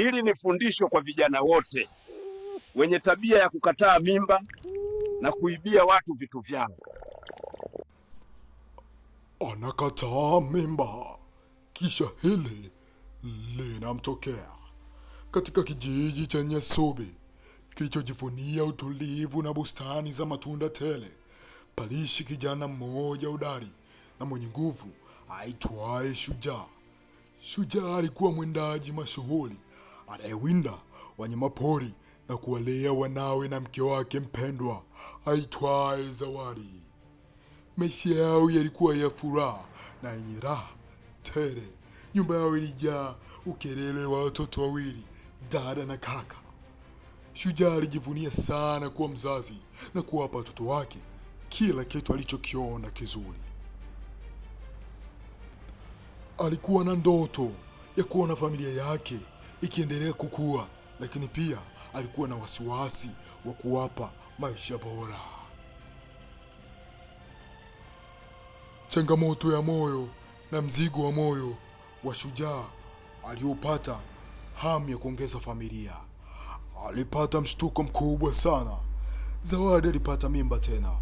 Hili ni fundisho kwa vijana wote wenye tabia ya kukataa mimba na kuibia watu vitu vyao. Anakataa mimba, kisha hili linamtokea katika kijiji cha Nyasubi kilichojivunia utulivu na bustani za matunda tele. palishi kijana mmoja udari na mwenye nguvu aitwaye Shujaa. Shujaa alikuwa mwindaji mashuhuri anayewinda wanyamapori na kuwalea wanawe na mke wake mpendwa aitwaye Zawadi. Maisha yao yalikuwa ya furaha na yenye raha tere. Nyumba yao ilijaa ukelele wa watoto wawili, dada na kaka. Shujaa alijivunia sana kuwa mzazi na kuwapa watoto wake kila kitu alichokiona kizuri. Alikuwa na ndoto ya kuona familia yake ikiendelea kukua, lakini pia alikuwa na wasiwasi wa kuwapa maisha bora. Changamoto ya moyo na mzigo wa moyo wa shujaa aliopata hamu ya kuongeza familia. Alipata mshtuko mkubwa sana. Zawadi alipata mimba tena,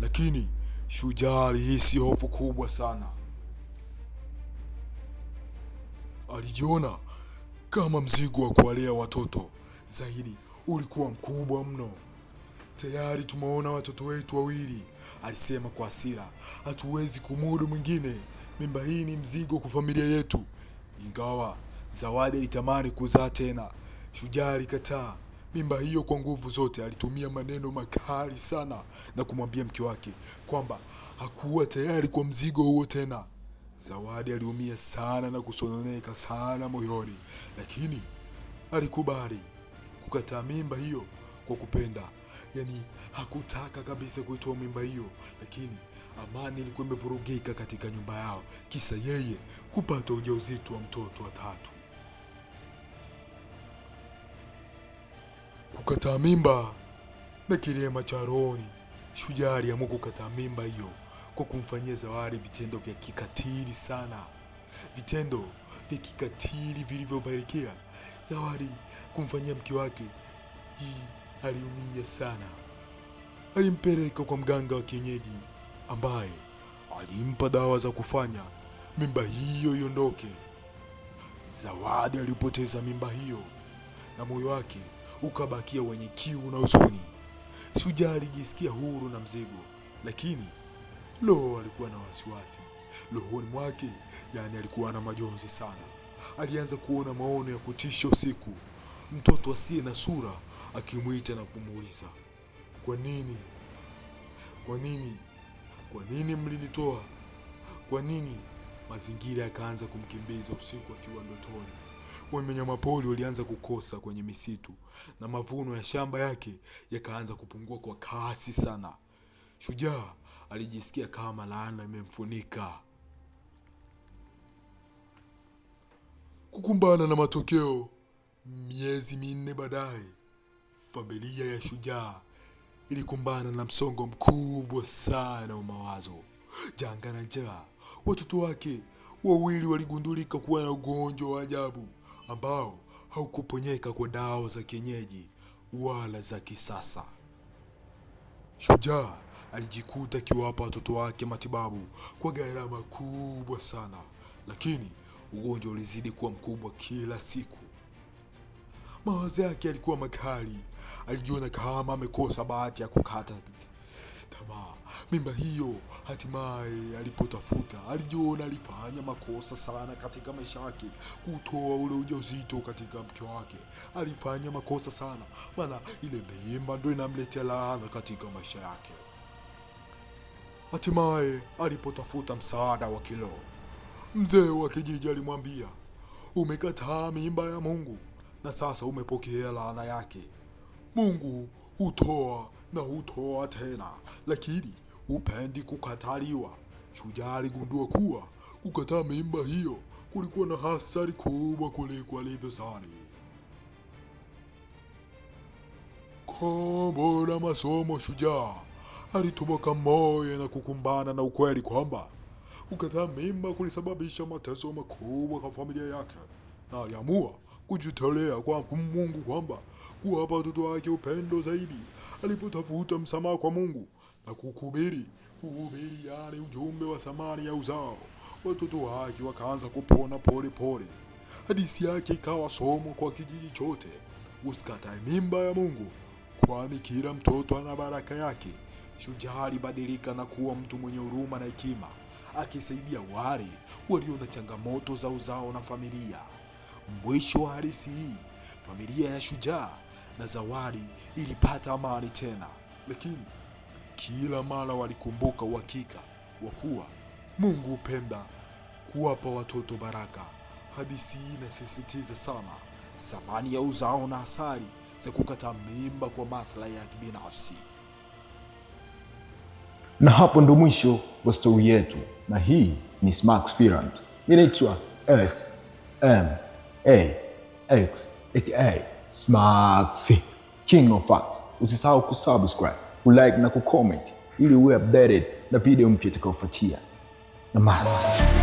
lakini shujaa alihisi hofu kubwa sana. Alijiona kama mzigo wa kuwalea watoto zaidi ulikuwa mkubwa mno. Tayari tumeona watoto wetu wawili, alisema kwa asira Hatuwezi kumudu mwingine. Mimba hii ni mzigo kwa familia yetu. Ingawa Zawadi alitamani kuzaa tena, Shujaa alikataa mimba hiyo kwa nguvu zote. Alitumia maneno makali sana na kumwambia mke wake kwamba hakuwa tayari kwa mzigo huo tena. Zawadi aliumia sana na kusononeka sana moyoni, lakini alikubali kukataa mimba hiyo kwa kupenda. Yani hakutaka kabisa kuitoa mimba hiyo, lakini amani ilikuwa imevurugika katika nyumba yao, kisa yeye kupata ujauzito wa mtoto wa tatu. Kukataa mimba na kilema cha rohoni, shujaa aliamua kukataa mimba hiyo kwa kumfanyia Zawadi vitendo vya kikatili sana, vitendo vya kikatili vilivyopelekea Zawadi kumfanyia mke wake. Hii aliumia sana, alimpeleka kwa mganga wa kienyeji ambaye alimpa dawa za kufanya mimba hiyo iondoke. Zawadi alipoteza mimba hiyo na moyo wake ukabakia wenye kiu na huzuni. Shujaa alijisikia huru na mzigo, lakini loho alikuwa na wasiwasi rohoni mwake, yaani alikuwa na majonzi sana. Alianza kuona maono ya kutisha usiku, mtoto asiye na sura akimwita na kumuuliza, kwa nini, kwa nini, kwa nini mlinitoa? Kwa nini? Mazingira yakaanza kumkimbiza usiku akiwa ndotoni. Wanyamapori walianza kukosa kwenye misitu na mavuno ya shamba yake yakaanza kupungua kwa kasi sana. Shujaa alijisikia kama laana imemfunika. Kukumbana na matokeo, miezi minne baadaye, familia ya shujaa ilikumbana na msongo mkubwa sana wa mawazo. Janga na njaa, watoto wake wawili waligundulika kuwa na ugonjwa wa ajabu ambao haukuponyeka kwa dawa za kienyeji wala za kisasa. Shujaa alijikuta akiwapa watoto wake matibabu kwa gharama kubwa sana, lakini ugonjwa ulizidi kuwa mkubwa kila siku. Mawazo yake yalikuwa makali, alijiona kama amekosa bahati ya kukata tamaa mimba hiyo. Hatimaye alipotafuta, alijiona alifanya makosa sana katika maisha yake, kutoa ule ujauzito katika mke wake. Alifanya makosa sana, maana ile mimba ndio inamletea laana katika maisha yake. Hatimaye alipotafuta msaada wa kiroho, mzee wa kijiji alimwambia, umekataa mimba ya Mungu na sasa umepokea laana yake. Mungu hutoa na hutoa tena, lakini hupendi kukataliwa. Shujaa aligundua kuwa kukataa mimba hiyo kulikuwa na hasara kubwa kuliko alivyozani. Kombo la masomo shujaa alitoboka moyo na kukumbana na ukweli kwamba kukataa mimba kulisababisha mateso makubwa kwa familia yake, na aliamua kujitolea kwa Mungu kwamba kuwapa watoto wake upendo zaidi. Alipotafuta msamaha kwa Mungu na kukubiri kuhubiri, yale ujumbe wa thamani ya uzao, watoto wake wakaanza kupona pole pole. Hadithi yake ikawa somo kwa kijiji chote: usikatae mimba ya Mungu, kwani kila mtoto ana baraka yake. Shujaa alibadilika na kuwa mtu mwenye huruma na hekima, akisaidia wale walio na changamoto za uzao na familia. Mwisho wa hadithi hii, familia ya Shujaa na Zawadi ilipata amani tena, lakini kila mara walikumbuka uhakika wa kuwa Mungu hupenda kuwapa watoto baraka. Hadithi hii inasisitiza sana thamani ya uzao na athari za kukata mimba kwa maslahi ya kibinafsi. Na hapo ndo mwisho wa stori yetu, na hii ni Smax Films. Ninaitwa SMAX aka Smax King of Facts. Usisahau kusubscribe, kulike na kucomment ili uwe updated na video mpya itakayofuatia. Namaste.